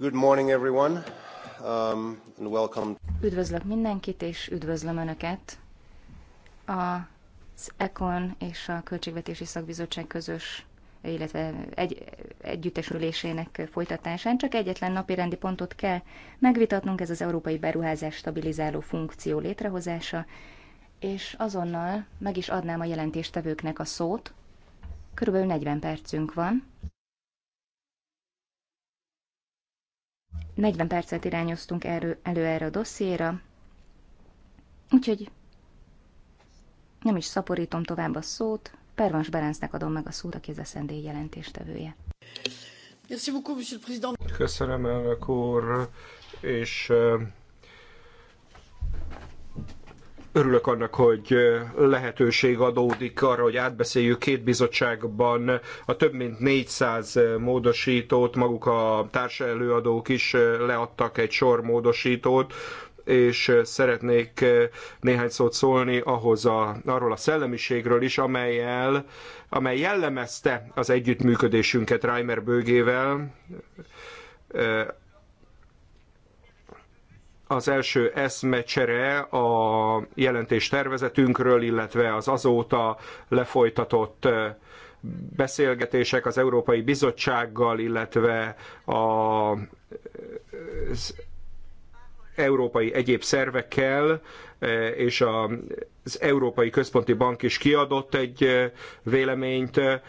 Good morning everyone, um, and welcome. Üdvözlök mindenkit, és üdvözlöm Önöket az ECON és a Költségvetési Szakbizottság közös illetve egy, együttesülésének folytatásán csak egyetlen napi rendi pontot kell megvitatnunk, ez az Európai Beruházás Stabilizáló Funkció létrehozása, és azonnal meg is adnám a jelentéstevőknek a szót. Körülbelül 40 percünk van. 40 percet irányoztunk elő, elő erre a dossziéra, úgyhogy nem is szaporítom tovább a szót, Pervans Berencnek adom meg a szót, aki a szendély jelentéstevője. Köszönöm, elnök úr, és Örülök annak, hogy lehetőség adódik arra, hogy átbeszéljük két bizottságban a több mint 400 módosítót, maguk a társelőadók is leadtak egy sor módosítót, és szeretnék néhány szót szólni ahhoz a, arról a szellemiségről is, amelyel, amely jellemezte az együttműködésünket Reimer bőgével, az első eszmecsere a jelentés tervezetünkről, illetve az azóta lefolytatott beszélgetések az Európai Bizottsággal, illetve a, az európai egyéb szervekkel, e, és az Európai Központi Bank is kiadott egy e, véleményt, e,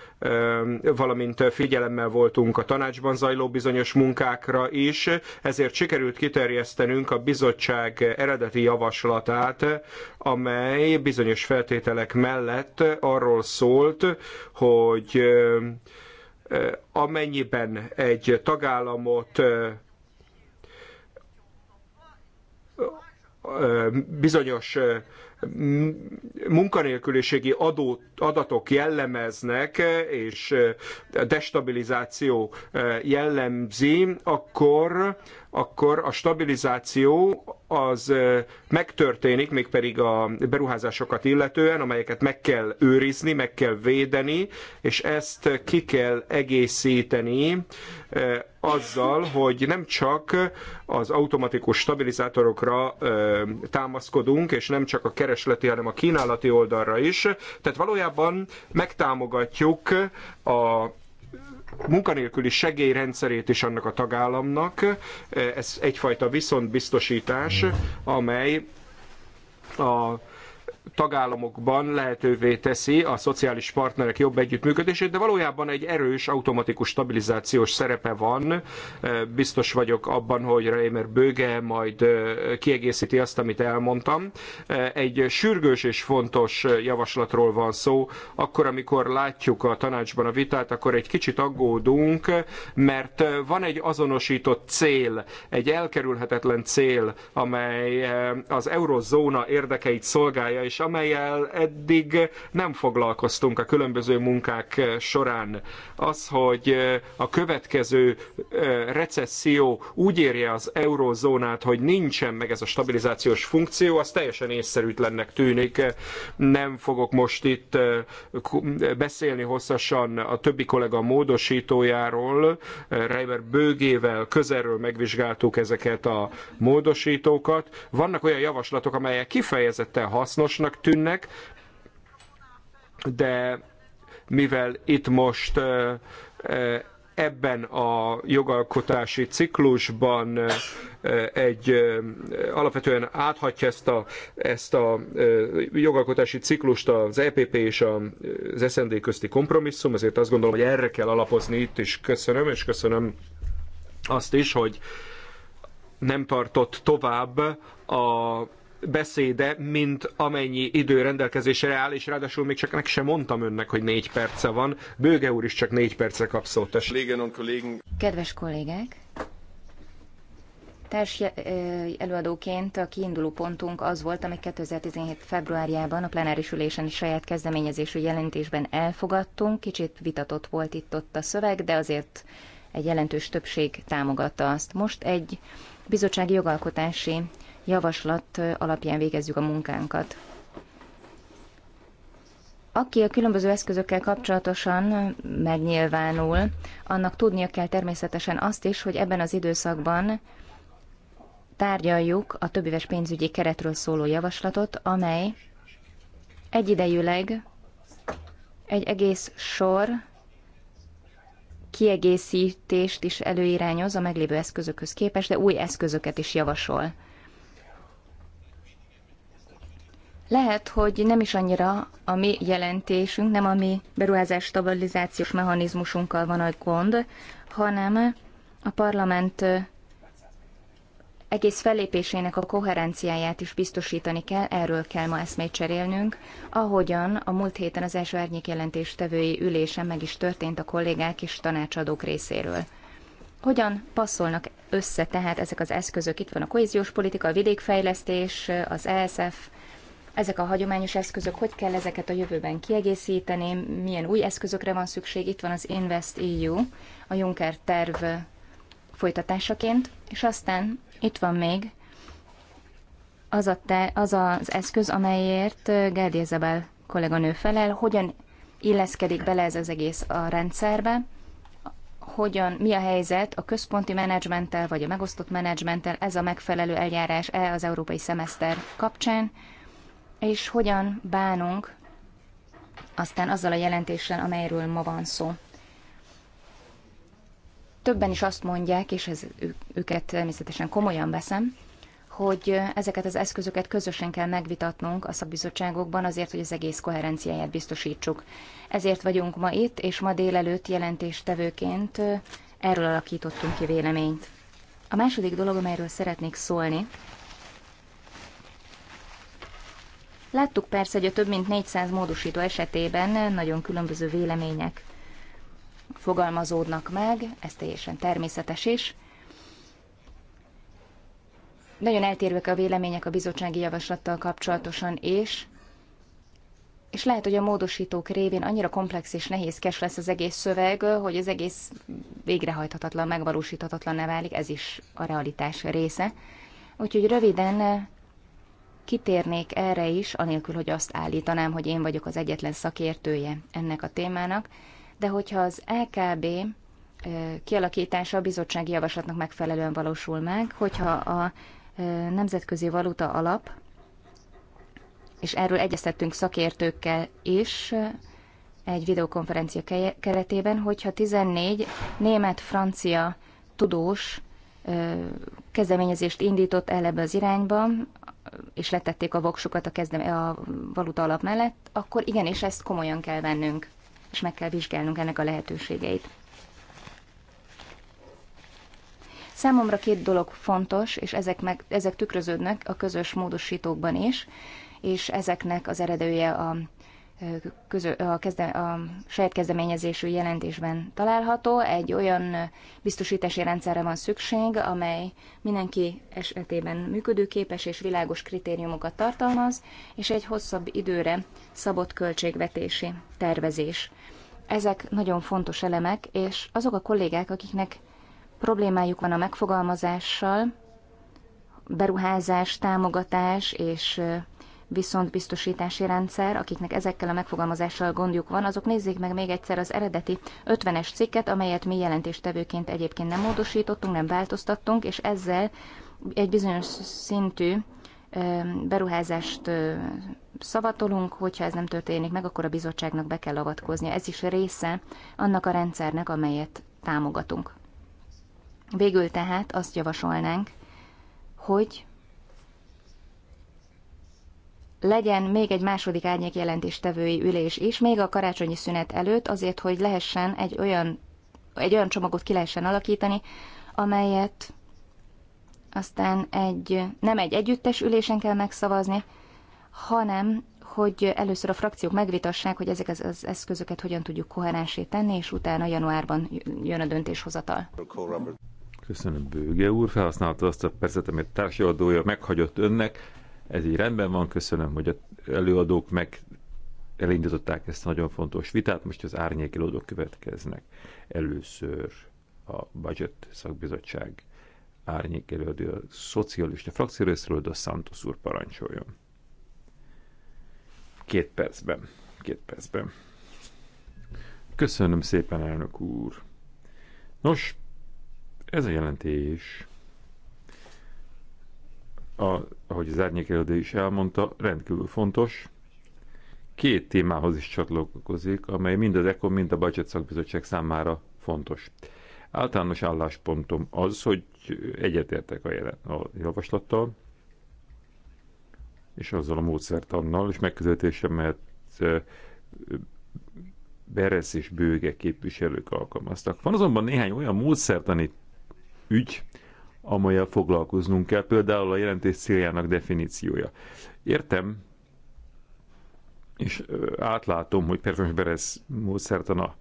valamint figyelemmel voltunk a tanácsban zajló bizonyos munkákra is, ezért sikerült kiterjesztenünk a bizottság eredeti javaslatát, amely bizonyos feltételek mellett arról szólt, hogy amennyiben egy tagállamot bizonyos munkanélküliségi adó, adatok jellemeznek, és destabilizáció jellemzi, akkor akkor a stabilizáció az megtörténik, mégpedig a beruházásokat illetően, amelyeket meg kell őrizni, meg kell védeni, és ezt ki kell egészíteni azzal, hogy nem csak az automatikus stabilizátorokra támaszkodunk, és nem csak a keresleti, hanem a kínálati oldalra is. Tehát valójában megtámogatjuk a munkanélküli segélyrendszerét is annak a tagállamnak. Ez egyfajta viszontbiztosítás, amely a tagállamokban lehetővé teszi a szociális partnerek jobb együttműködését, de valójában egy erős automatikus stabilizációs szerepe van. Biztos vagyok abban, hogy Reimer Böge majd kiegészíti azt, amit elmondtam. Egy sürgős és fontos javaslatról van szó. Akkor, amikor látjuk a tanácsban a vitát, akkor egy kicsit aggódunk, mert van egy azonosított cél, egy elkerülhetetlen cél, amely az eurozóna érdekeit szolgálja, és és amelyel eddig nem foglalkoztunk a különböző munkák során. Az, hogy a következő recesszió úgy érje az eurozónát, hogy nincsen meg ez a stabilizációs funkció, az teljesen észszerűtlennek tűnik. Nem fogok most itt beszélni hosszasan a többi kollega módosítójáról. Reimer bőgével közelről megvizsgáltuk ezeket a módosítókat. Vannak olyan javaslatok, amelyek kifejezetten hasznosnak fontosnak tűnnek, de mivel itt most ebben a jogalkotási ciklusban egy alapvetően áthatja ezt a, ezt a jogalkotási ciklust az EPP és az SND közti kompromisszum, ezért azt gondolom, hogy erre kell alapozni itt is. Köszönöm, és köszönöm azt is, hogy nem tartott tovább a beszéde, mint amennyi idő rendelkezésre áll, és ráadásul még csak nek sem mondtam önnek, hogy négy perce van. Bőge úr is csak négy perce kap szót. Kedves kollégák! Társ előadóként a kiinduló pontunk az volt, amit 2017. februárjában a plenáris ülésen is saját kezdeményezésű jelentésben elfogadtunk. Kicsit vitatott volt itt-ott a szöveg, de azért egy jelentős többség támogatta azt. Most egy bizottsági jogalkotási javaslat alapján végezzük a munkánkat. Aki a különböző eszközökkel kapcsolatosan megnyilvánul, annak tudnia kell természetesen azt is, hogy ebben az időszakban tárgyaljuk a többéves pénzügyi keretről szóló javaslatot, amely egyidejűleg egy egész sor kiegészítést is előirányoz a meglévő eszközökhöz képest, de új eszközöket is javasol. Lehet, hogy nem is annyira a mi jelentésünk, nem a mi beruházás stabilizációs mechanizmusunkkal van a gond, hanem a parlament egész fellépésének a koherenciáját is biztosítani kell, erről kell ma eszmét cserélnünk, ahogyan a múlt héten az első árnyék jelentéstevői ülésen meg is történt a kollégák és tanácsadók részéről. Hogyan passzolnak össze tehát ezek az eszközök? Itt van a kohéziós politika, a vidékfejlesztés, az ESF, ezek a hagyományos eszközök, hogy kell ezeket a jövőben kiegészíteni, milyen új eszközökre van szükség. Itt van az Invest EU, a Juncker terv folytatásaként, és aztán itt van még az, a te, az az eszköz, amelyért eh, Gerdi Ezebel kolléganő felel, hogyan illeszkedik bele ez az egész a rendszerbe, hogyan, mi a helyzet a központi menedzsmenttel vagy a megosztott menedzsmenttel, ez a megfelelő eljárás-e az európai szemeszter kapcsán, és hogyan bánunk aztán azzal a jelentéssel, amelyről ma van szó. Többen is azt mondják, és ez őket természetesen komolyan veszem, hogy ezeket az eszközöket közösen kell megvitatnunk a szakbizottságokban azért, hogy az egész koherenciáját biztosítsuk. Ezért vagyunk ma itt, és ma délelőtt jelentéstevőként eh, erről alakítottunk ki véleményt. A második dolog, amelyről szeretnék szólni, Láttuk persze, hogy a több mint 400 módosító esetében nagyon különböző vélemények fogalmazódnak meg, ez teljesen természetes is. Nagyon eltérvek a vélemények a bizottsági javaslattal kapcsolatosan, és és lehet, hogy a módosítók révén annyira komplex és nehézkes lesz az egész szöveg, hogy az egész végrehajthatatlan, megvalósíthatatlan válik, ez is a realitás része. Úgyhogy röviden kitérnék erre is, anélkül, hogy azt állítanám, hogy én vagyok az egyetlen szakértője ennek a témának, de hogyha az LKB kialakítása a bizottsági javaslatnak megfelelően valósul meg, hogyha a Nemzetközi Valuta Alap, és erről egyeztettünk szakértőkkel is egy videokonferencia keretében, hogyha 14 német-francia tudós kezdeményezést indított el ebbe az irányba, és letették a voksukat a, kezdem, a valuta alap mellett, akkor igenis ezt komolyan kell vennünk, és meg kell vizsgálnunk ennek a lehetőségeit. Számomra két dolog fontos, és ezek, meg, ezek tükröződnek a közös módosítókban is, és ezeknek az eredője a közö, a, kezde, a saját kezdeményezésű jelentésben található. Egy olyan biztosítási rendszerre van szükség, amely mindenki esetében működőképes és világos kritériumokat tartalmaz, és egy hosszabb időre szabott költségvetési tervezés. Ezek nagyon fontos elemek, és azok a kollégák, akiknek problémájuk van a megfogalmazással, beruházás, támogatás és viszont biztosítási rendszer, akiknek ezekkel a megfogalmazással gondjuk van, azok nézzék meg még egyszer az eredeti 50-es cikket, amelyet mi jelentéstevőként egyébként nem módosítottunk, nem változtattunk, és ezzel egy bizonyos szintű beruházást szavatolunk, hogyha ez nem történik meg, akkor a bizottságnak be kell avatkoznia. Ez is része annak a rendszernek, amelyet támogatunk. Végül tehát azt javasolnánk, hogy legyen még egy második árnyék jelentéstevői ülés is, még a karácsonyi szünet előtt, azért, hogy lehessen egy olyan, egy olyan csomagot ki lehessen alakítani, amelyet aztán egy, nem egy együttes ülésen kell megszavazni, hanem hogy először a frakciók megvitassák, hogy ezek az, az eszközöket hogyan tudjuk koherensé tenni, és utána januárban jön a döntéshozatal. Köszönöm, Bőge úr. Felhasználta azt a percet, amit társadója meghagyott önnek ez így rendben van, köszönöm, hogy az előadók meg elindították ezt a nagyon fontos vitát, most az árnyék előadók következnek. Először a Budget Szakbizottság árnyék előadó, a szocialista frakció részről, de a Santos úr parancsoljon. Két percben. Két percben. Köszönöm szépen, elnök úr. Nos, ez a jelentés a, ahogy az árnyékelődő is elmondta, rendkívül fontos. Két témához is csatlakozik, amely mind az ECO, mind a Budget Szakbizottság számára fontos. Általános álláspontom az, hogy egyetértek a, jelen, a javaslattal, és azzal a annal, és mert Beresz és Bőge képviselők alkalmaztak. Van azonban néhány olyan módszertani ügy, amelyel foglalkoznunk kell, például a jelentés céljának definíciója. Értem, és átlátom, hogy Pervens Berez módszertana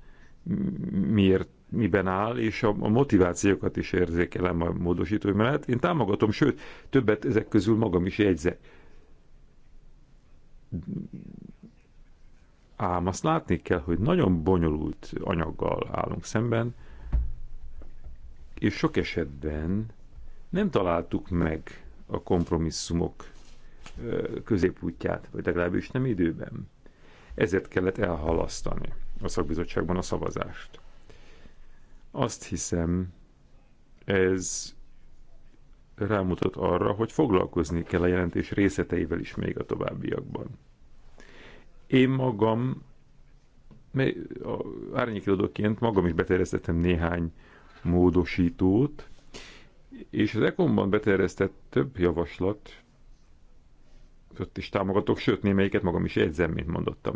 miért, miben áll, és a, a motivációkat is érzékelem a módosító mellett. Én támogatom, sőt, többet ezek közül magam is jegyzek. Ám azt látni kell, hogy nagyon bonyolult anyaggal állunk szemben, és sok esetben nem találtuk meg a kompromisszumok középútját, vagy legalábbis nem időben. Ezért kellett elhalasztani a szakbizottságban a szavazást. Azt hiszem, ez rámutat arra, hogy foglalkozni kell a jelentés részleteivel is még a továbbiakban. Én magam, árnyékiladóként magam is beterjesztettem néhány módosítót, és az ECOM-ban beterjesztett több javaslat, ott is támogatok, sőt némelyiket magam is jegyzem, mint mondottam.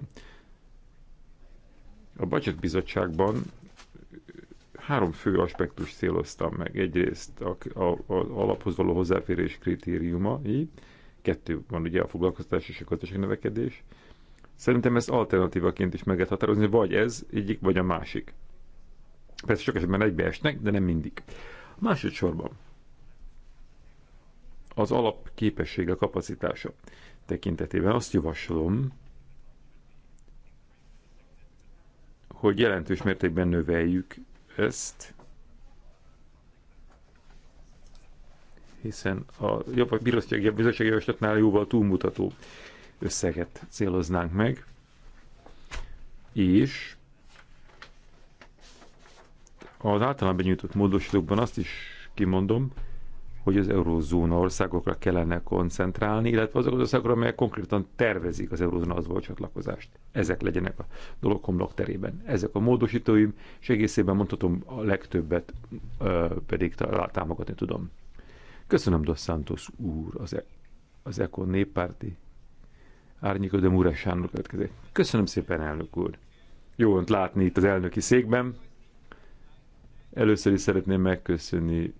A budget bizottságban három fő aspektus céloztam meg. Egyrészt a, a, a alaphoz való hozzáférés kritériumai, kettő van ugye a foglalkoztatás és a gazdaság növekedés. Szerintem ezt alternatívaként is meg lehet határozni, vagy ez egyik, vagy a másik. Persze sok esetben egybeesnek, de nem mindig. Másodszorban az alapképessége, kapacitása tekintetében azt javaslom, hogy jelentős mértékben növeljük ezt, hiszen a bizottsági javaslatnál jóval túlmutató összeget céloznánk meg, és az általában benyújtott módosítókban azt is kimondom, hogy az eurózóna országokra kellene koncentrálni, illetve azok az országokra, amelyek konkrétan tervezik az eurózóna az volt csatlakozást. Ezek legyenek a dolog homlok terében. Ezek a módosítóim, és egészében mondhatom a legtöbbet ö, pedig támogatni tudom. Köszönöm Dos Santos úr, az, e- az Eko néppárti árnyékod de Múrás Sándor következik. Köszönöm szépen, elnök úr. Jó volt látni itt az elnöki székben. Először is szeretném megköszönni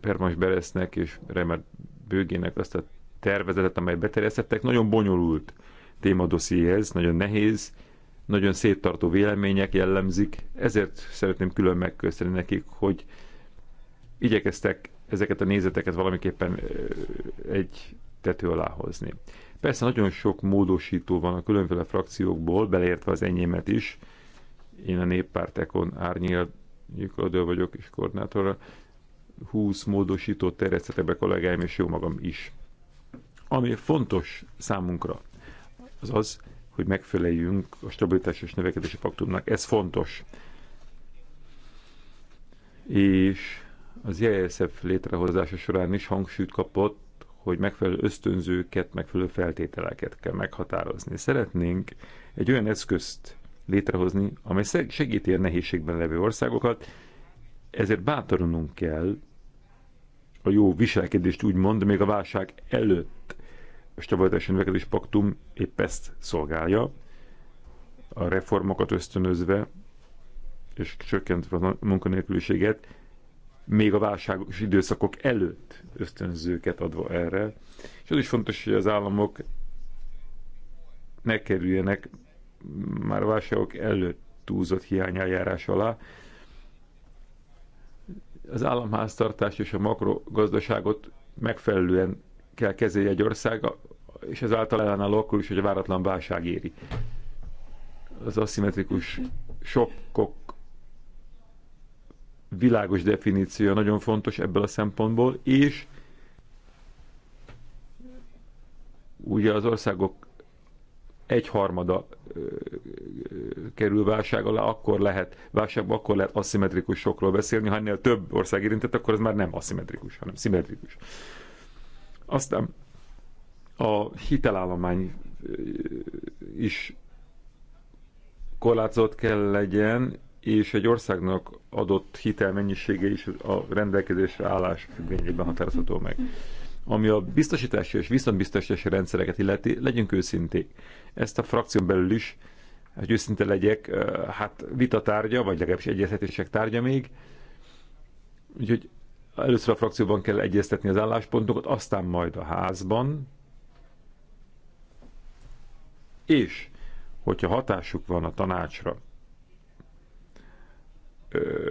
Permas Beresznek és Remert Bőgének azt a tervezetet, amely beterjesztettek. Nagyon bonyolult témadossziéhez, nagyon nehéz, nagyon széttartó vélemények jellemzik, ezért szeretném külön megköszönni nekik, hogy igyekeztek ezeket a nézeteket valamiképpen egy tető alá hozni. Persze nagyon sok módosító van a különféle frakciókból, beleértve az enyémet is. Én a néppártekon árnyékodó vagyok és koordinátorra. 20 módosítót terjesztettek be kollégáim és jó magam is. Ami fontos számunkra, az az, hogy megfeleljünk a stabilitás és növekedési faktumnak. Ez fontos. És az JSF létrehozása során is hangsúlyt kapott, hogy megfelelő ösztönzőket, megfelelő feltételeket kell meghatározni. Szeretnénk egy olyan eszközt létrehozni, amely segíti a nehézségben levő országokat, ezért bátorulnunk kell a jó viselkedést úgymond, még a válság előtt a stabilitási növekedés paktum épp ezt szolgálja, a reformokat ösztönözve és csökkentve a munkanélküliséget, még a válságos időszakok előtt ösztönzőket adva erre. És az is fontos, hogy az államok ne kerüljenek már a válságok előtt túlzott hiány alá, az államháztartást és a makrogazdaságot megfelelően kell kezelje egy ország, és ezáltal ellenáll akkor is, hogy a váratlan válság éri. Az aszimmetrikus sokkok világos definíció nagyon fontos ebből a szempontból, és ugye az országok egyharmada kerül válság alá, akkor lehet válságban, akkor lehet aszimmetrikusokról sokról beszélni, ha ennél több ország érintett, akkor ez már nem aszimmetrikus, hanem szimmetrikus. Aztán a hitelállomány is korlátozott kell legyen, és egy országnak adott hitelmennyisége is a rendelkezésre állás függvényében határozható meg. Ami a biztosítási és viszontbiztosítási rendszereket illeti, legyünk őszinték. Ezt a frakción belül is, hogy őszinte legyek, hát vita tárgya, vagy legalábbis egyeztetések tárgya még. Úgyhogy először a frakcióban kell egyeztetni az álláspontokat, aztán majd a házban. És, hogyha hatásuk van a tanácsra,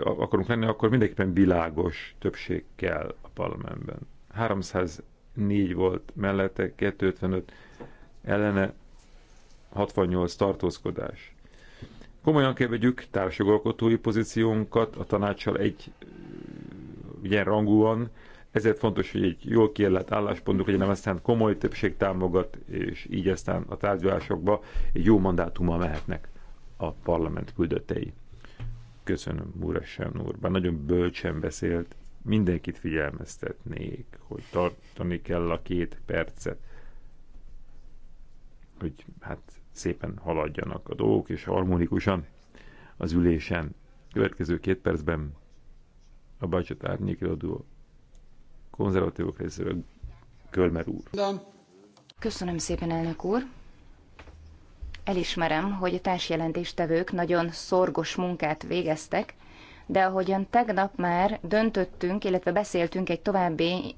akarunk lenni, akkor mindenképpen világos többség kell a parlamentben. 300 4 volt mellette, 255 ellene, 68 tartózkodás. Komolyan kell vegyük társjogalkotói pozíciónkat a tanácssal egy ilyen rangúan, ezért fontos, hogy egy jól kiellett álláspontunk legyen, aztán komoly többség támogat, és így aztán a tárgyalásokba egy jó mandátummal mehetnek a parlament küldöttei. Köszönöm Muresen úr, bár nagyon bölcsen beszélt, mindenkit figyelmeztetnék, hogy tartani kell a két percet, hogy hát szépen haladjanak a dolgok, és harmonikusan az ülésen. Következő két percben a Bácsot árnyékiladó konzervatívok részéről Kölmer úr. Köszönöm szépen, elnök úr. Elismerem, hogy a társjelentéstevők nagyon szorgos munkát végeztek, de ahogyan tegnap már döntöttünk, illetve beszéltünk egy további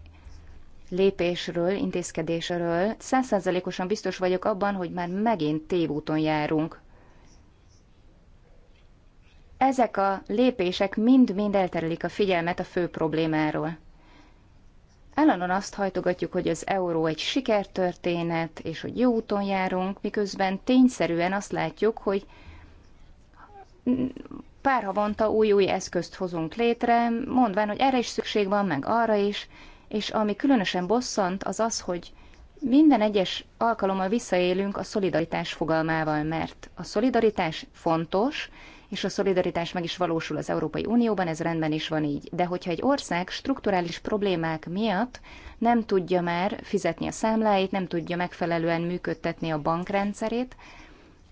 lépésről, intézkedésről, százszázalékosan biztos vagyok abban, hogy már megint tévúton járunk. Ezek a lépések mind-mind elterelik a figyelmet a fő problémáról. Ellenon azt hajtogatjuk, hogy az euró egy sikertörténet, és hogy jó úton járunk, miközben tényszerűen azt látjuk, hogy pár havonta új-új eszközt hozunk létre, mondván, hogy erre is szükség van, meg arra is, és ami különösen bosszant, az az, hogy minden egyes alkalommal visszaélünk a szolidaritás fogalmával, mert a szolidaritás fontos, és a szolidaritás meg is valósul az Európai Unióban, ez rendben is van így. De hogyha egy ország strukturális problémák miatt nem tudja már fizetni a számláit, nem tudja megfelelően működtetni a bankrendszerét,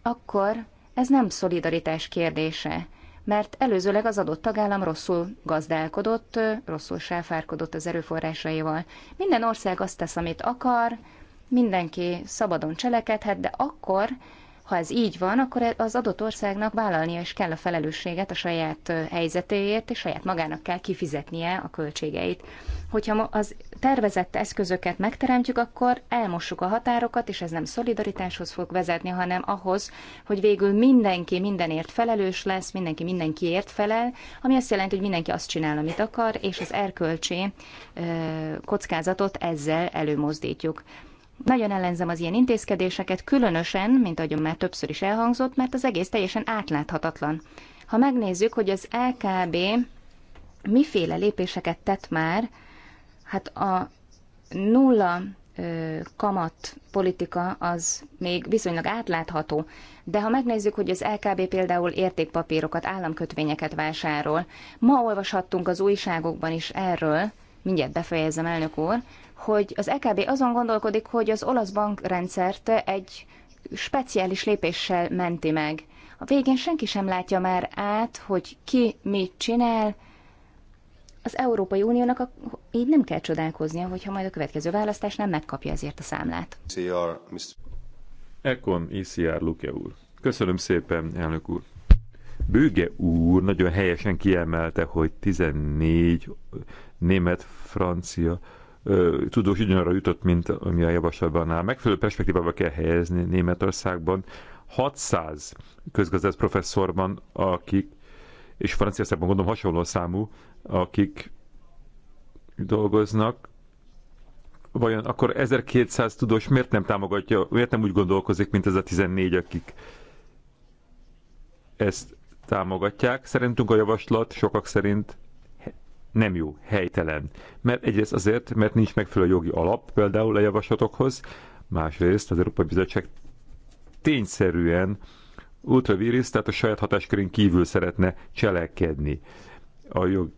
akkor ez nem szolidaritás kérdése mert előzőleg az adott tagállam rosszul gazdálkodott, rosszul sáfárkodott az erőforrásaival. Minden ország azt tesz, amit akar, mindenki szabadon cselekedhet, de akkor, ha ez így van, akkor az adott országnak vállalnia is kell a felelősséget a saját helyzetéért, és saját magának kell kifizetnie a költségeit. Hogyha az tervezett eszközöket megteremtjük, akkor elmossuk a határokat, és ez nem szolidaritáshoz fog vezetni, hanem ahhoz, hogy végül mindenki mindenért felelős lesz, mindenki mindenkiért felel, ami azt jelenti, hogy mindenki azt csinál, amit akar, és az erkölcsi kockázatot ezzel előmozdítjuk. Nagyon ellenzem az ilyen intézkedéseket, különösen, mint ahogy már többször is elhangzott, mert az egész teljesen átláthatatlan. Ha megnézzük, hogy az LKB miféle lépéseket tett már, hát a nulla kamat politika az még viszonylag átlátható, de ha megnézzük, hogy az LKB például értékpapírokat, államkötvényeket vásárol, ma olvashattunk az újságokban is erről, mindjárt befejezem, elnök úr, hogy az EKB azon gondolkodik, hogy az olasz bankrendszert egy speciális lépéssel menti meg. A végén senki sem látja már át, hogy ki mit csinál. Az Európai Uniónak a, így nem kell csodálkoznia, hogyha majd a következő választásnál megkapja ezért a számlát. CR, Mr. ECR, Luke úr. Köszönöm szépen, elnök úr. Bőge úr nagyon helyesen kiemelte, hogy 14 német, francia tudós ugyanarra jutott, mint ami a javaslatban áll. Megfelelő perspektívába kell helyezni Németországban. 600 közgazdász professzor van, akik, és Franciaországban gondolom hasonló számú, akik dolgoznak, vajon akkor 1200 tudós miért nem támogatja, miért nem úgy gondolkozik, mint ez a 14, akik ezt támogatják. Szerintünk a javaslat sokak szerint nem jó, helytelen. Mert egyrészt azért, mert nincs megfelelő jogi alap például a javaslatokhoz, másrészt az Európai Bizottság tényszerűen ultraviris, tehát a saját hatáskörén kívül szeretne cselekedni. A jog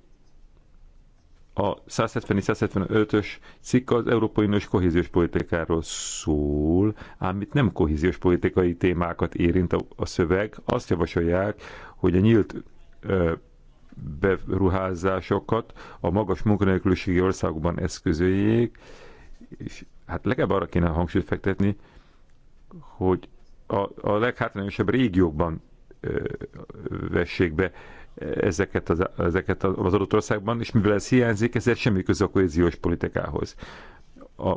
a 170-175-ös cikk az Európai Uniós kohéziós politikáról szól, ám itt nem kohéziós politikai témákat érint a, a szöveg. Azt javasolják, hogy a nyílt ö, beruházásokat a magas munkanélküliségi országokban eszközöljék, és hát legalább arra kéne hangsúlyt fektetni, hogy a, a leghátrányosabb régiókban ö, vessék be ezeket az, ezeket az adott országban, és mivel ez hiányzik, ezért semmi köze a kohéziós politikához. A,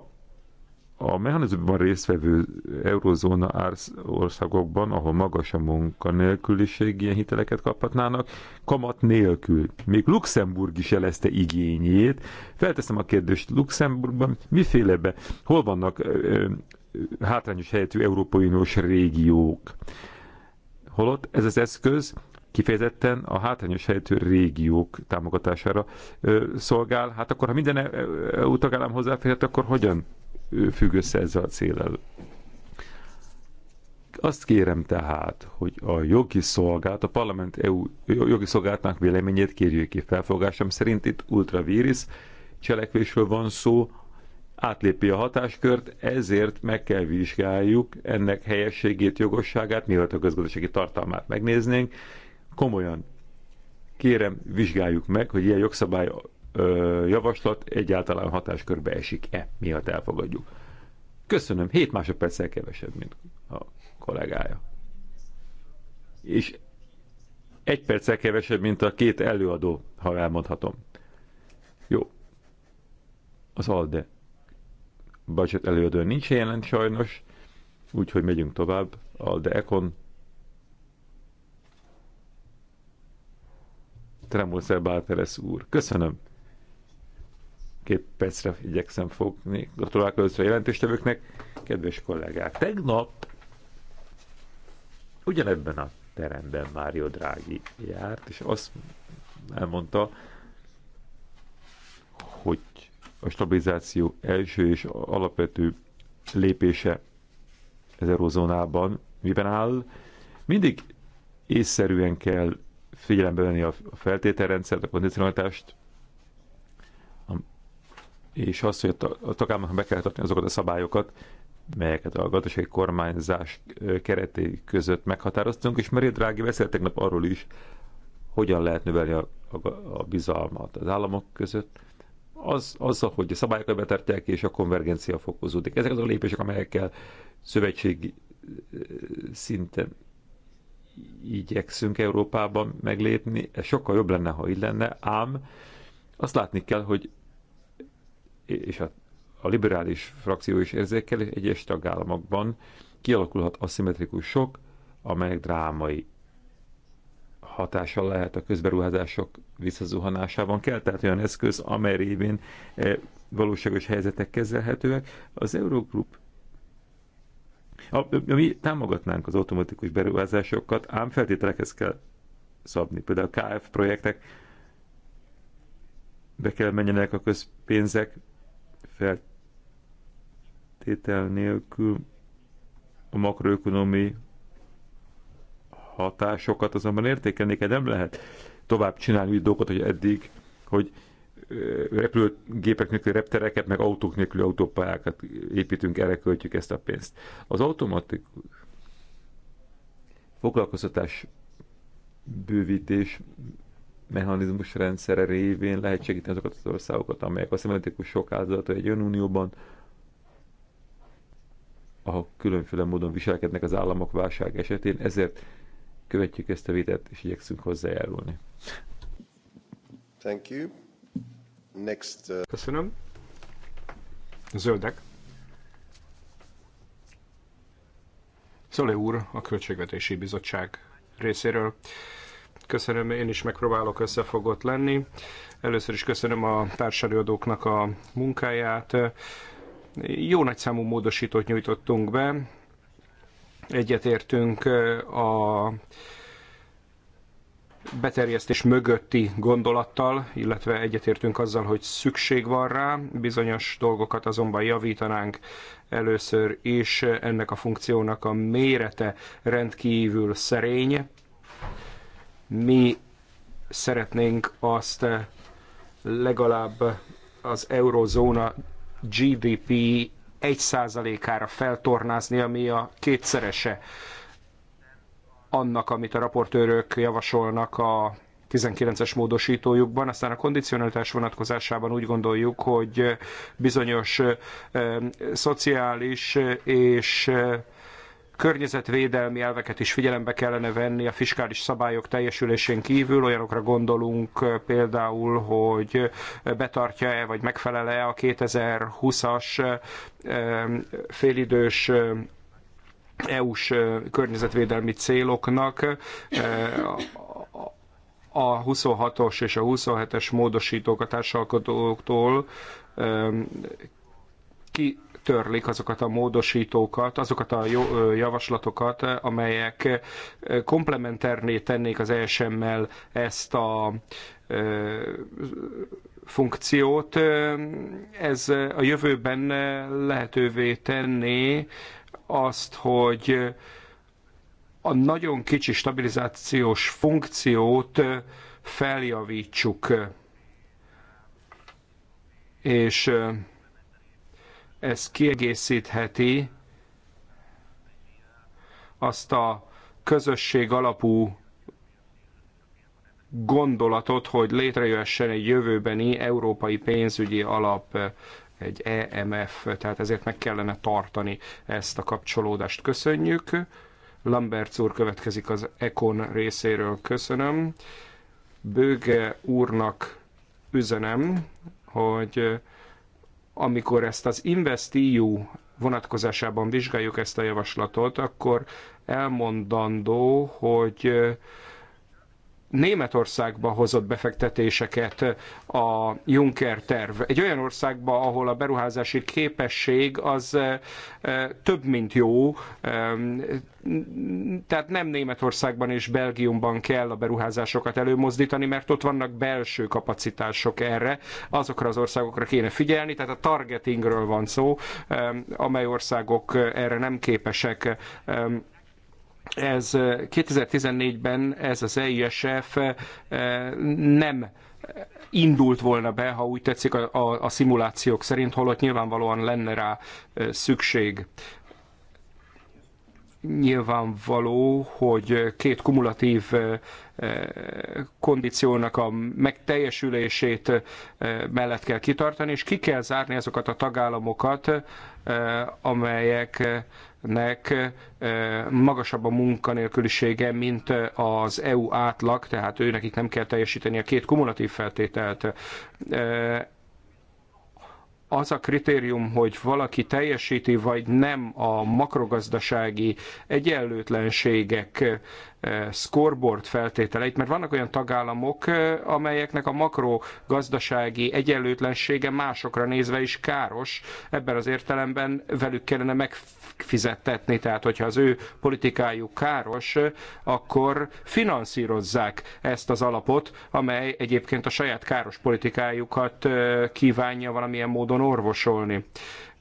a mechanizmusban résztvevő eurozóna országokban, ahol magas a munkanélküliség, ilyen hiteleket kaphatnának, kamat nélkül. Még Luxemburg is jelezte igényét. Felteszem a kérdést, Luxemburgban mifélebe, hol vannak ö, hátrányos helyetű Európai Uniós régiók? Holott ez az eszköz kifejezetten a hátrányos helytő régiók támogatására szolgál. Hát akkor, ha minden e- e- EU tagállam hozzáférhet, akkor hogyan függ össze ezzel a célel? Azt kérem tehát, hogy a jogi szolgált, a parlament EU jogi szolgáltnak véleményét kérjük ki felfogásom szerint itt ultravíris cselekvésről van szó, átlépi a hatáskört, ezért meg kell vizsgáljuk ennek helyességét, jogosságát, mielőtt a közgazdasági tartalmát megnéznénk, Komolyan kérem, vizsgáljuk meg, hogy ilyen jogszabály ö, javaslat egyáltalán hatáskörbe esik-e, miatt elfogadjuk. Köszönöm, 7 másodperccel kevesebb, mint a kollégája. És egy perccel kevesebb, mint a két előadó, ha elmondhatom. Jó. Az ALDE budget előadó nincs jelent sajnos, úgyhogy megyünk tovább. ALDE Econ Tremolszer Báteres úr. Köszönöm. Két percre igyekszem fogni. Gratulálok először a jelentéstevőknek, kedves kollégák. Tegnap ugyanebben a teremben Mário Drági járt, és azt elmondta, hogy a stabilizáció első és alapvető lépése az eurozónában miben áll, mindig észszerűen kell figyelembe venni a feltételrendszert, a kondicionalitást, és azt, hogy a tagállamnak be kell tartani azokat a szabályokat, melyeket a gazdasági kormányzás keretei között meghatároztunk, és Meri Drági beszélt tegnap arról is, hogyan lehet növelni a, a, a bizalmat az államok között, az, az, hogy a szabályokat betartják, és a konvergencia fokozódik. Ezek azok a lépések, amelyekkel szövetségi szinten igyekszünk Európában meglépni. Ez sokkal jobb lenne, ha így lenne, ám azt látni kell, hogy és a, a liberális frakció is érzékel, és egyes tagállamokban kialakulhat aszimmetrikus sok, amelyek drámai hatással lehet a közberuházások visszazuhanásában. Kell tehát olyan eszköz, amely révén eh, valóságos helyzetek kezelhetőek. Az Eurogroup a Mi támogatnánk az automatikus beruházásokat, ám feltételekhez kell szabni. Például a KF projektek be kell menjenek a közpénzek feltétel nélkül a makroökonomi hatásokat azonban értékelni kell, nem lehet tovább csinálni úgy dolgot, hogy eddig, hogy repülőgépek nélkül reptereket, meg autók nélkül autópályákat építünk, erre költjük ezt a pénzt. Az automatikus foglalkoztatás bővítés mechanizmus rendszere révén lehet segíteni azokat az országokat, amelyek a szemeletikus sok áldozata egy önunióban, ahol különféle módon viselkednek az államok válság esetén, ezért követjük ezt a vitát, és igyekszünk hozzájárulni. Thank you. Next. Uh, köszönöm. Zöldek. Zöle úr, a Költségvetési Bizottság részéről. Köszönöm, én is megpróbálok összefogott lenni. Először is köszönöm a társadalmi a munkáját. Jó nagy számú módosítót nyújtottunk be. Egyetértünk uh, a beterjesztés mögötti gondolattal, illetve egyetértünk azzal, hogy szükség van rá, bizonyos dolgokat azonban javítanánk először, és ennek a funkciónak a mérete rendkívül szerény. Mi szeretnénk azt legalább az eurozóna GDP 1%-ára feltornázni, ami a kétszerese annak, amit a raportőrök javasolnak a 19-es módosítójukban. Aztán a kondicionalitás vonatkozásában úgy gondoljuk, hogy bizonyos szociális és környezetvédelmi elveket is figyelembe kellene venni a fiskális szabályok teljesülésén kívül. Olyanokra gondolunk például, hogy betartja-e vagy megfelele a 2020-as félidős EU-s környezetvédelmi céloknak. A 26-os és a 27-es módosítók a társalkotóktól kitörlik azokat a módosítókat, azokat a javaslatokat, amelyek komplementerné tennék az ESM-mel ezt a funkciót. Ez a jövőben lehetővé tenné azt, hogy a nagyon kicsi stabilizációs funkciót feljavítsuk. És ez kiegészítheti azt a közösség alapú gondolatot, hogy létrejöhessen egy jövőbeni európai pénzügyi alap egy EMF, tehát ezért meg kellene tartani ezt a kapcsolódást. Köszönjük. Lambert úr következik az Econ részéről, köszönöm. Bőge úrnak üzenem, hogy amikor ezt az InvestEU vonatkozásában vizsgáljuk ezt a javaslatot, akkor elmondandó, hogy Németországba hozott befektetéseket a Juncker terv. Egy olyan országba, ahol a beruházási képesség az eh, több, mint jó, tehát nem Németországban és Belgiumban kell a beruházásokat előmozdítani, mert ott vannak belső kapacitások erre, azokra az országokra kéne figyelni, tehát a targetingről van szó, amely országok erre nem képesek ez 2014-ben eh, ez az EISF eh, nem indult volna be, ha úgy tetszik, a, a, a szimulációk szerint, holott nyilvánvalóan lenne rá eh, szükség. Nyilvánvaló, hogy két kumulatív kondíciónak a megteljesülését mellett kell kitartani, és ki kell zárni azokat a tagállamokat, amelyek nek magasabb a munkanélkülisége, mint az EU átlag, tehát ő nekik nem kell teljesíteni a két kumulatív feltételt. Az a kritérium, hogy valaki teljesíti, vagy nem a makrogazdasági egyenlőtlenségek scoreboard feltételeit, mert vannak olyan tagállamok, amelyeknek a makrogazdasági egyenlőtlensége másokra nézve is káros, ebben az értelemben velük kellene megfelelni megfizettetni, tehát hogyha az ő politikájuk káros, akkor finanszírozzák ezt az alapot, amely egyébként a saját káros politikájukat kívánja valamilyen módon orvosolni.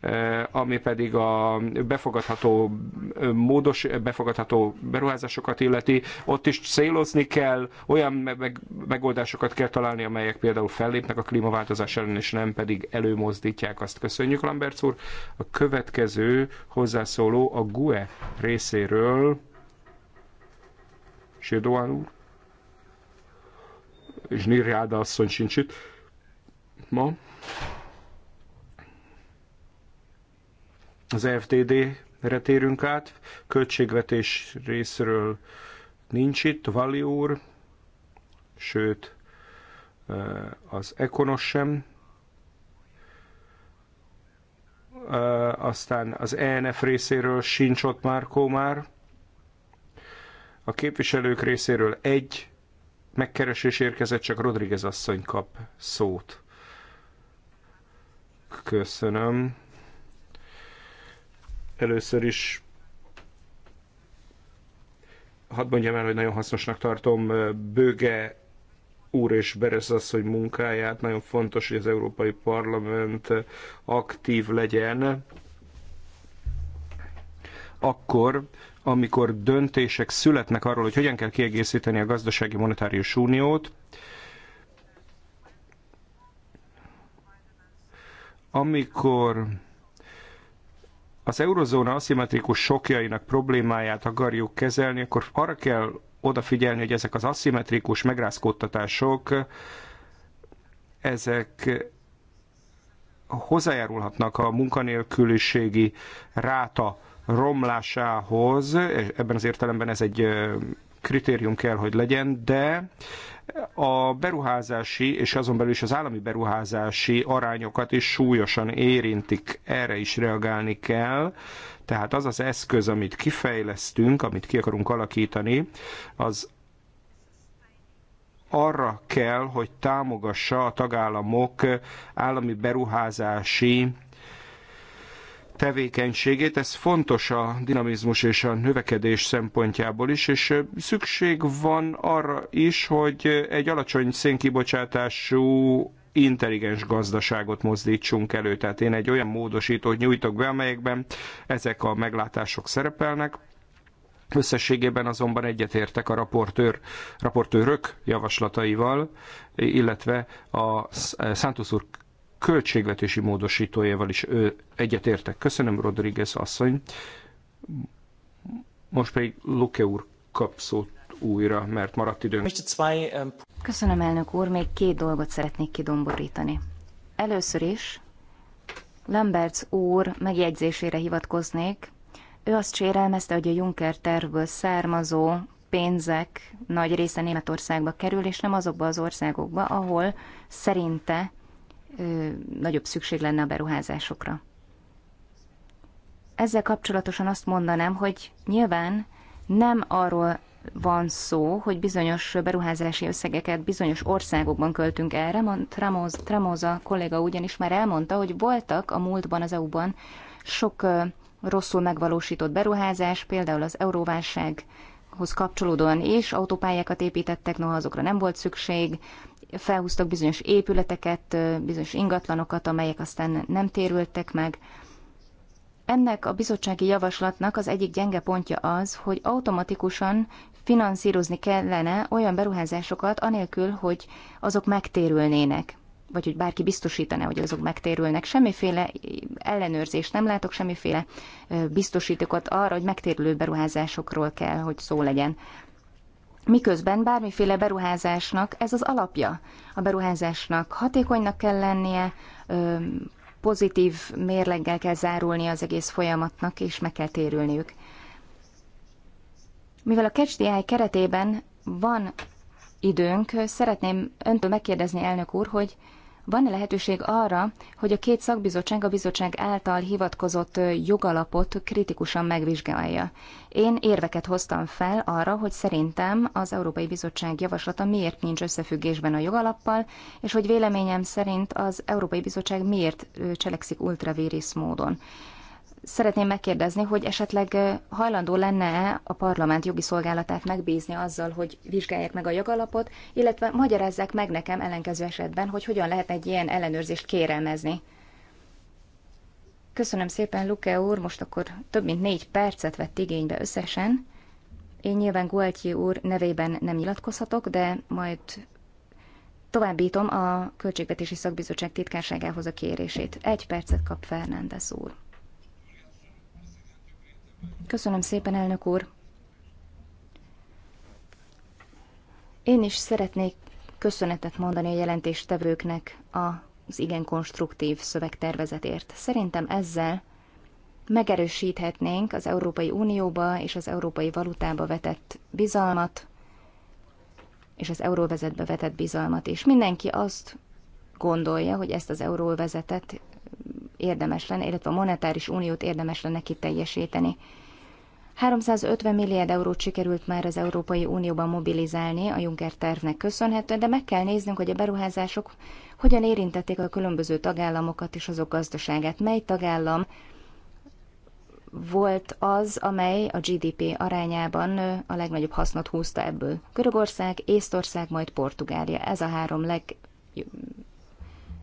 Eh, ami pedig a befogadható eh, módos, eh, befogadható beruházásokat illeti, ott is célozni kell, olyan megoldásokat kell találni, amelyek például fellépnek a klímaváltozás ellen, és nem pedig előmozdítják azt. Köszönjük, Lambert úr. A következő hozzászóló a GUE részéről. Sédoán úr. És Nirjáda asszony sincs itt ma. az FDD-re térünk át. Költségvetés részről nincs itt, Vali úr, sőt eh, az Ekonos sem. Eh, aztán az ENF részéről sincs ott Márkó már. A képviselők részéről egy megkeresés érkezett, csak Rodriguez asszony kap szót. Köszönöm. Először is hadd mondjam el, hogy nagyon hasznosnak tartom Bőge úr és Beresz asszony munkáját. Nagyon fontos, hogy az Európai Parlament aktív legyen. Akkor, amikor döntések születnek arról, hogy hogyan kell kiegészíteni a gazdasági monetárius uniót, amikor az eurozóna aszimmetrikus sokjainak problémáját akarjuk kezelni, akkor arra kell odafigyelni, hogy ezek az aszimmetrikus megrázkódtatások, ezek hozzájárulhatnak a munkanélküliségi ráta romlásához, ebben az értelemben ez egy kritérium kell, hogy legyen, de a beruházási és azon belül is az állami beruházási arányokat is súlyosan érintik, erre is reagálni kell. Tehát az az eszköz, amit kifejlesztünk, amit ki akarunk alakítani, az arra kell, hogy támogassa a tagállamok állami beruházási tevékenységét. Ez fontos a dinamizmus és a növekedés szempontjából is, és szükség van arra is, hogy egy alacsony szénkibocsátású intelligens gazdaságot mozdítsunk elő. Tehát én egy olyan módosítót nyújtok be, amelyekben ezek a meglátások szerepelnek. Összességében azonban egyetértek a raportőr, raportőrök javaslataival, illetve a Santos úr költségvetési módosítójával is ő egyetértek. Köszönöm, Rodriguez asszony. Most pedig Luke úr kap szót újra, mert maradt időnk. Köszönöm, elnök úr. Még két dolgot szeretnék kidomborítani. Először is Lamberts úr megjegyzésére hivatkoznék. Ő azt sérelmezte, hogy a Juncker tervből származó pénzek nagy része Németországba kerül, és nem azokba az országokba, ahol szerinte nagyobb szükség lenne a beruházásokra. Ezzel kapcsolatosan azt mondanám, hogy nyilván nem arról van szó, hogy bizonyos beruházási összegeket bizonyos országokban költünk erre. Tramoz, Tramoza kolléga ugyanis már elmondta, hogy voltak a múltban az EU-ban sok rosszul megvalósított beruházás, például az euróválsághoz kapcsolódóan is autópályákat építettek, noha azokra nem volt szükség, felhúztak bizonyos épületeket, bizonyos ingatlanokat, amelyek aztán nem térültek meg. Ennek a bizottsági javaslatnak az egyik gyenge pontja az, hogy automatikusan finanszírozni kellene olyan beruházásokat, anélkül, hogy azok megtérülnének vagy hogy bárki biztosítaná, hogy azok megtérülnek. Semmiféle ellenőrzés nem látok, semmiféle biztosítékot arra, hogy megtérülő beruházásokról kell, hogy szó legyen. Miközben bármiféle beruházásnak ez az alapja. A beruházásnak hatékonynak kell lennie, pozitív mérleggel kell zárulni az egész folyamatnak, és meg kell térülniük. Mivel a CatchDI keretében van időnk, szeretném öntől megkérdezni, elnök úr, hogy van-e lehetőség arra, hogy a két szakbizottság a bizottság által hivatkozott jogalapot kritikusan megvizsgálja? Én érveket hoztam fel arra, hogy szerintem az Európai Bizottság javaslata miért nincs összefüggésben a jogalappal, és hogy véleményem szerint az Európai Bizottság miért cselekszik ultravérész módon. Szeretném megkérdezni, hogy esetleg hajlandó lenne-e a parlament jogi szolgálatát megbízni azzal, hogy vizsgálják meg a jogalapot, illetve magyarázzák meg nekem ellenkező esetben, hogy hogyan lehet egy ilyen ellenőrzést kérelmezni. Köszönöm szépen, Luke úr, most akkor több mint négy percet vett igénybe összesen. Én nyilván Gualtyi úr nevében nem nyilatkozhatok, de majd továbbítom a Költségvetési Szakbizottság titkárságához a kérését. Egy percet kap Fernández úr. Köszönöm szépen, elnök úr. Én is szeretnék köszönetet mondani a jelentéstevőknek az igen konstruktív szövegtervezetért. Szerintem ezzel megerősíthetnénk az Európai Unióba és az Európai Valutába vetett bizalmat, és az euróvezetbe vetett bizalmat, és mindenki azt gondolja, hogy ezt az euróvezetet érdemes lenne, illetve a monetáris uniót érdemes lenne kiteljesíteni. 350 milliárd eurót sikerült már az Európai Unióban mobilizálni a Juncker tervnek köszönhetően, de meg kell néznünk, hogy a beruházások hogyan érintették a különböző tagállamokat és azok gazdaságát. Mely tagállam volt az, amely a GDP arányában a legnagyobb hasznot húzta ebből. Görögország, Észtország, majd Portugália. Ez a három leg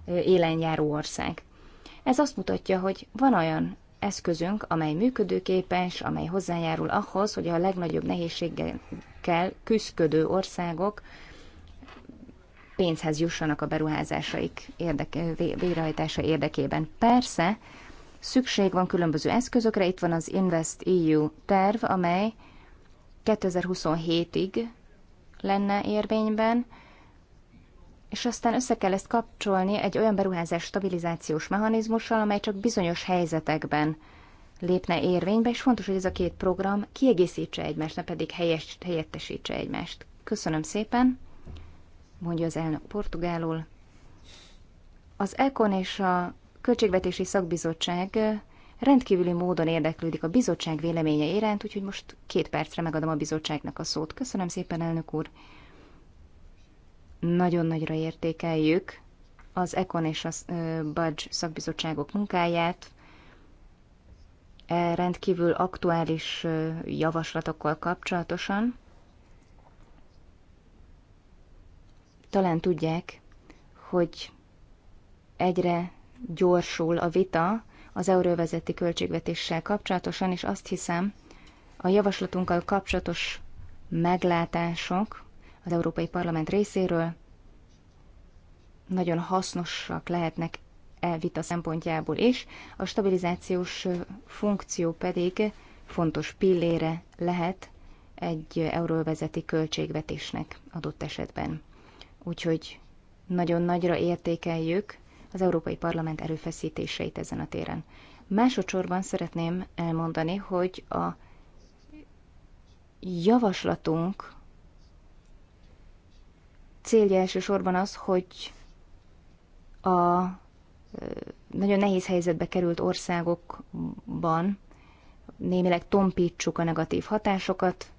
élenjáró ország. Ez azt mutatja, hogy van olyan eszközünk, amely működőképes, amely hozzájárul ahhoz, hogy a legnagyobb nehézséggel küzdködő országok pénzhez jussanak a beruházásaik érdeke, végrehajtása érdekében. Persze, szükség van különböző eszközökre, itt van az Invest EU terv, amely 2027-ig lenne érvényben, és aztán össze kell ezt kapcsolni egy olyan beruházás stabilizációs mechanizmussal, amely csak bizonyos helyzetekben lépne érvénybe, és fontos, hogy ez a két program kiegészítse egymást, ne pedig helyes, helyettesítse egymást. Köszönöm szépen, mondja az elnök portugálul. Az ECON és a Költségvetési Szakbizottság rendkívüli módon érdeklődik a bizottság véleménye iránt, úgyhogy most két percre megadom a bizottságnak a szót. Köszönöm szépen, elnök úr! Nagyon nagyra értékeljük az Econ és a Budge szakbizottságok munkáját, e, rendkívül aktuális javaslatokkal kapcsolatosan. Talán tudják, hogy egyre gyorsul a vita az euróvezeti költségvetéssel kapcsolatosan, és azt hiszem, a javaslatunkkal kapcsolatos meglátások az Európai Parlament részéről. Nagyon hasznosak lehetnek e vita szempontjából is, a stabilizációs funkció pedig fontos pillére lehet egy euróvezeti költségvetésnek adott esetben. Úgyhogy nagyon nagyra értékeljük az Európai Parlament erőfeszítéseit ezen a téren. Másodszorban szeretném elmondani, hogy a javaslatunk célja elsősorban az, hogy a nagyon nehéz helyzetbe került országokban némileg tompítsuk a negatív hatásokat,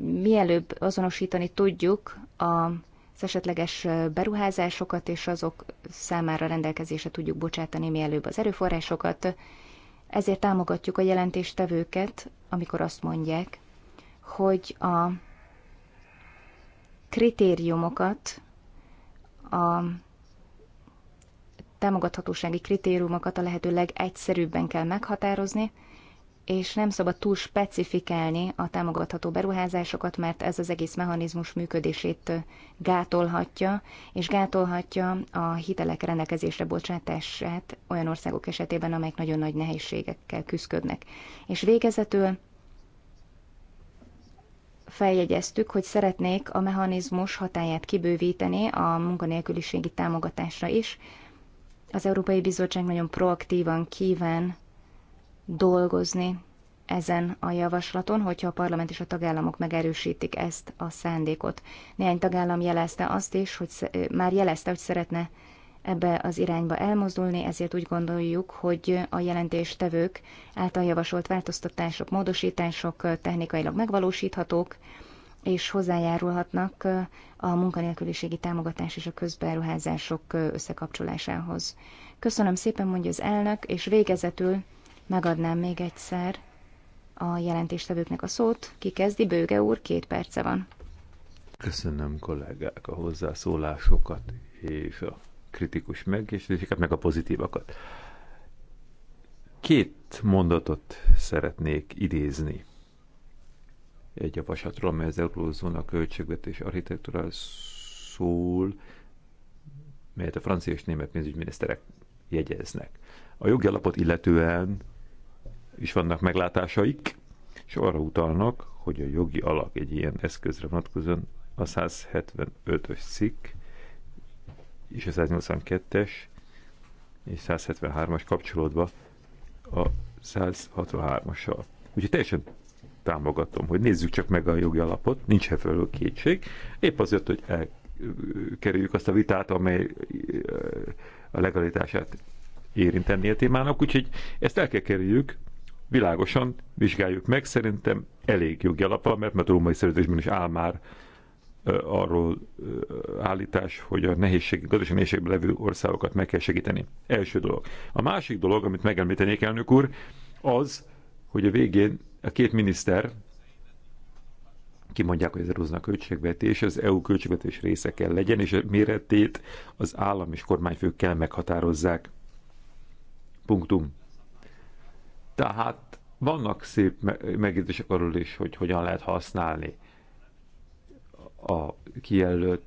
mielőbb azonosítani tudjuk az esetleges beruházásokat, és azok számára rendelkezésre tudjuk bocsátani mielőbb az erőforrásokat. Ezért támogatjuk a jelentéstevőket, amikor azt mondják, hogy a kritériumokat, a támogathatósági kritériumokat a lehető legegyszerűbben kell meghatározni, és nem szabad túl specifikálni a támogatható beruházásokat, mert ez az egész mechanizmus működését gátolhatja, és gátolhatja a hitelek rendelkezésre bocsátását olyan országok esetében, amelyek nagyon nagy nehézségekkel küzdködnek. És végezetül feljegyeztük, hogy szeretnék a mechanizmus hatáját kibővíteni a munkanélküliségi támogatásra is. Az Európai Bizottság nagyon proaktívan kíván dolgozni ezen a javaslaton, hogyha a parlament és a tagállamok megerősítik ezt a szándékot. Néhány tagállam jelezte azt is, hogy már jelezte, hogy szeretne ebbe az irányba elmozdulni, ezért úgy gondoljuk, hogy a jelentéstevők által javasolt változtatások, módosítások technikailag megvalósíthatók, és hozzájárulhatnak a munkanélküliségi támogatás és a közberuházások összekapcsolásához. Köszönöm szépen, mondja az elnök, és végezetül megadnám még egyszer a jelentéstevőknek a szót. Ki kezdi? Bőge úr, két perce van. Köszönöm kollégák a hozzászólásokat és a kritikus meg, és inkább meg a pozitívakat. Két mondatot szeretnék idézni egy javaslatról, amely az eurózóna költségvetés architektúrál szól, melyet a francia és német pénzügyminiszterek jegyeznek. A jogi alapot illetően is vannak meglátásaik, és arra utalnak, hogy a jogi alap egy ilyen eszközre vonatkozóan a 175-ös cikk és a 182-es és 173-as kapcsolódva a 163-assal. Úgyhogy teljesen támogatom, hogy nézzük csak meg a jogi alapot, nincs e felül kétség. Épp azért, hogy elkerüljük azt a vitát, amely eh, a legalitását érinteni a témának, úgyhogy ezt el kell kerüljük, világosan vizsgáljuk meg, szerintem elég jogi alapval, mert, mert a római szerződésben is áll már arról állítás, hogy a nehézség, gazdasági nehézségben levő országokat meg kell segíteni. Első dolog. A másik dolog, amit megemlítenék, elnök úr, az, hogy a végén a két miniszter kimondják, hogy ez a költségvetés, az EU költségvetés része kell legyen, és a méretét az állam és kormányfők kell meghatározzák. Punktum. Tehát vannak szép megértések arról is, hogy hogyan lehet használni a kijelölt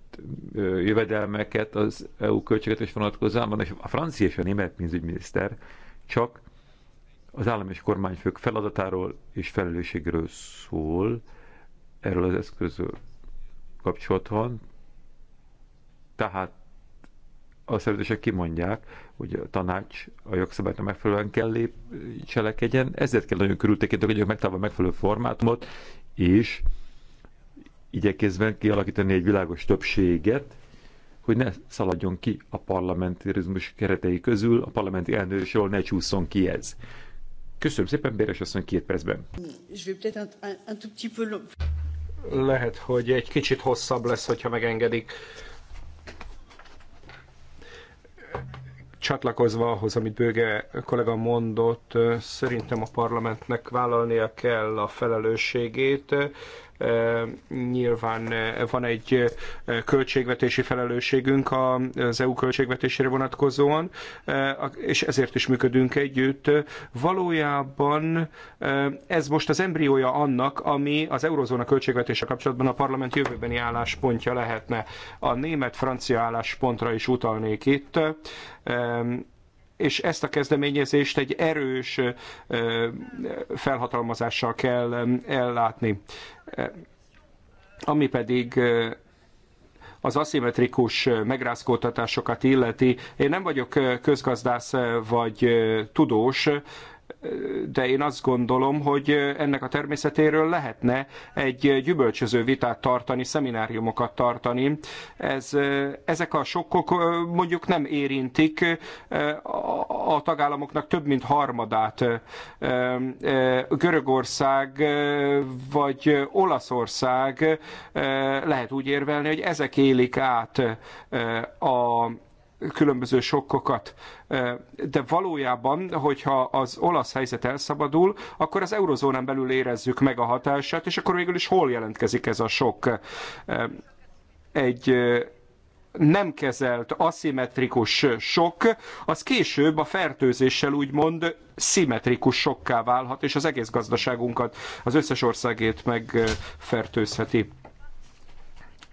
jövedelmeket az EU költségvetés vonatkozásában, és a francia és a német pénzügyminiszter csak az állam és kormányfők feladatáról és felelősségről szól, erről az eszközről kapcsolatban. Tehát a szerződések kimondják, hogy a tanács a jogszabálynak megfelelően kell lép, cselekedjen, ezért kell nagyon körültekinteni, hogy megtalálva megfelelő formátumot, és igyekezve kialakítani egy világos többséget, hogy ne szaladjon ki a parlamentarizmus keretei közül, a parlamenti elnősről ne csúszson ki ez. Köszönöm szépen, Béres asszony, két percben. Lehet, hogy egy kicsit hosszabb lesz, hogyha megengedik. Csatlakozva ahhoz, amit Bőge kollega mondott, szerintem a parlamentnek vállalnia kell a felelősségét nyilván van egy költségvetési felelősségünk az EU költségvetésére vonatkozóan, és ezért is működünk együtt. Valójában ez most az embriója annak, ami az eurozóna költségvetése kapcsolatban a parlament jövőbeni álláspontja lehetne. A német-francia álláspontra is utalnék itt és ezt a kezdeményezést egy erős felhatalmazással kell ellátni. Ami pedig az aszimmetrikus megrázkódtatásokat illeti. Én nem vagyok közgazdász vagy tudós, de én azt gondolom, hogy ennek a természetéről lehetne egy gyümölcsöző vitát tartani, szemináriumokat tartani. Ez, ezek a sokkok mondjuk nem érintik a tagállamoknak több mint harmadát. Görögország vagy Olaszország lehet úgy érvelni, hogy ezek élik át a különböző sokkokat. De valójában, hogyha az olasz helyzet elszabadul, akkor az eurozónán belül érezzük meg a hatását, és akkor végül is hol jelentkezik ez a sok? Egy nem kezelt aszimmetrikus sok, az később a fertőzéssel úgymond szimmetrikus sokká válhat, és az egész gazdaságunkat, az összes országét megfertőzheti.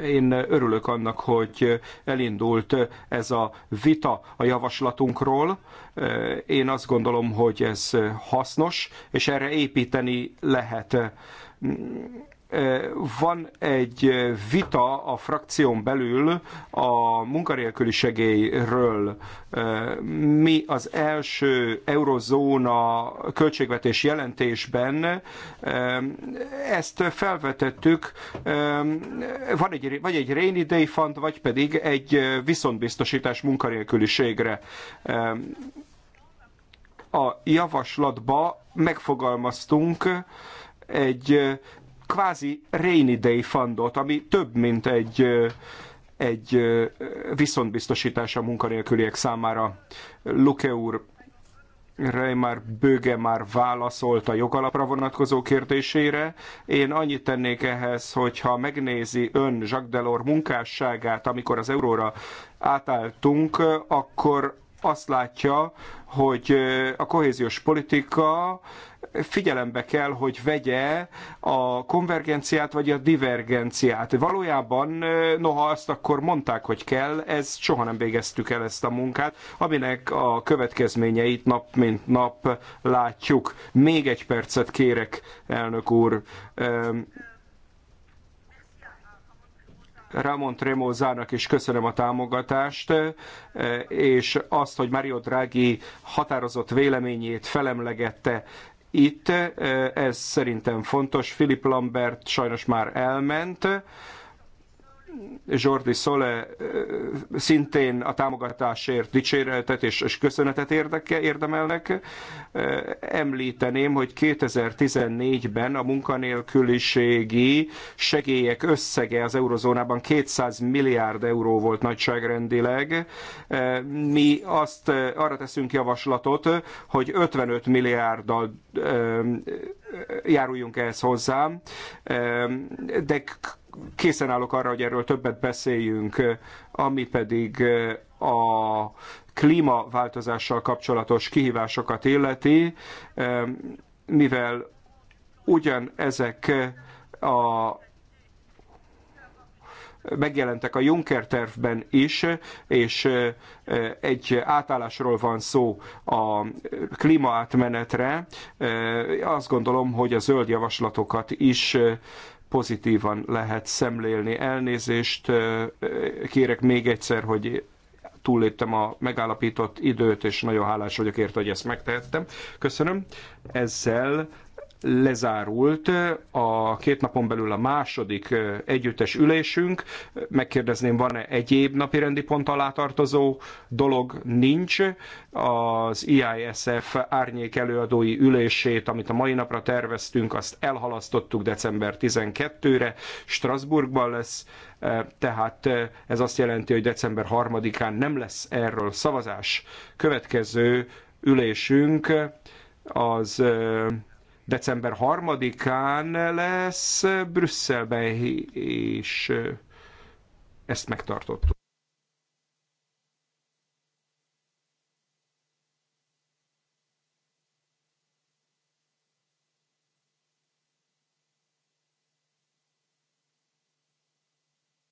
Én örülök annak, hogy elindult ez a vita a javaslatunkról. Én azt gondolom, hogy ez hasznos, és erre építeni lehet van egy vita a frakción belül a munkanélküli segélyről. Mi az első eurozóna költségvetés jelentésben ezt felvetettük, van egy, vagy egy rainy day fund, vagy pedig egy viszontbiztosítás munkanélküliségre. A javaslatba megfogalmaztunk egy kvázi rainy day fundot, ami több, mint egy, egy viszontbiztosítás a munkanélküliek számára. Luke úr, Reimar Böge már válaszolt a jogalapra vonatkozó kérdésére. Én annyit tennék ehhez, hogyha megnézi ön Jacques Delors munkásságát, amikor az euróra átálltunk, akkor azt látja, hogy a kohéziós politika figyelembe kell, hogy vegye a konvergenciát vagy a divergenciát. Valójában, noha azt akkor mondták, hogy kell, ez soha nem végeztük el ezt a munkát, aminek a következményeit nap mint nap látjuk. Még egy percet kérek, elnök úr. Ramon Tremozának is köszönöm a támogatást, eh, és azt, hogy Mario Draghi határozott véleményét felemlegette itt, eh, ez szerintem fontos. Philip Lambert sajnos már elment, Jordi Sole szintén a támogatásért dicséreltet és köszönetet érdeke, érdemelnek. Említeném, hogy 2014-ben a munkanélküliségi segélyek összege az eurozónában 200 milliárd euró volt nagyságrendileg. Mi azt arra teszünk javaslatot, hogy 55 milliárddal járuljunk ehhez hozzá, de készen állok arra, hogy erről többet beszéljünk, ami pedig a klímaváltozással kapcsolatos kihívásokat illeti, mivel ugyan ezek a megjelentek a Juncker tervben is, és egy átállásról van szó a klímaátmenetre. Azt gondolom, hogy a zöld javaslatokat is pozitívan lehet szemlélni. Elnézést kérek még egyszer, hogy túlléptem a megállapított időt, és nagyon hálás vagyok érte, hogy ezt megtehettem. Köszönöm. Ezzel lezárult a két napon belül a második együttes ülésünk. Megkérdezném, van-e egyéb napirendi pont alá tartozó dolog? Nincs. Az IISF árnyék előadói ülését, amit a mai napra terveztünk, azt elhalasztottuk december 12-re. Strasbourgban lesz, tehát ez azt jelenti, hogy december 3-án nem lesz erről szavazás. Következő ülésünk az december 3-án lesz Brüsszelben, és ezt megtartottuk.